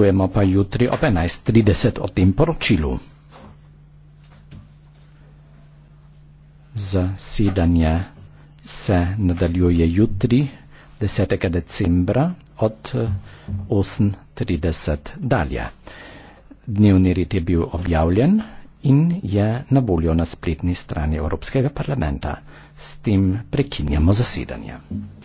Pričakujemo pa jutri ob 11.30 o tem poročilu. Zasedanje se nadaljuje jutri, 10. decembra, od 8.30 eh, dalje. Dnevni red je bil objavljen in je na voljo na spletni strani Evropskega parlamenta. S tem prekinjamo zasedanje.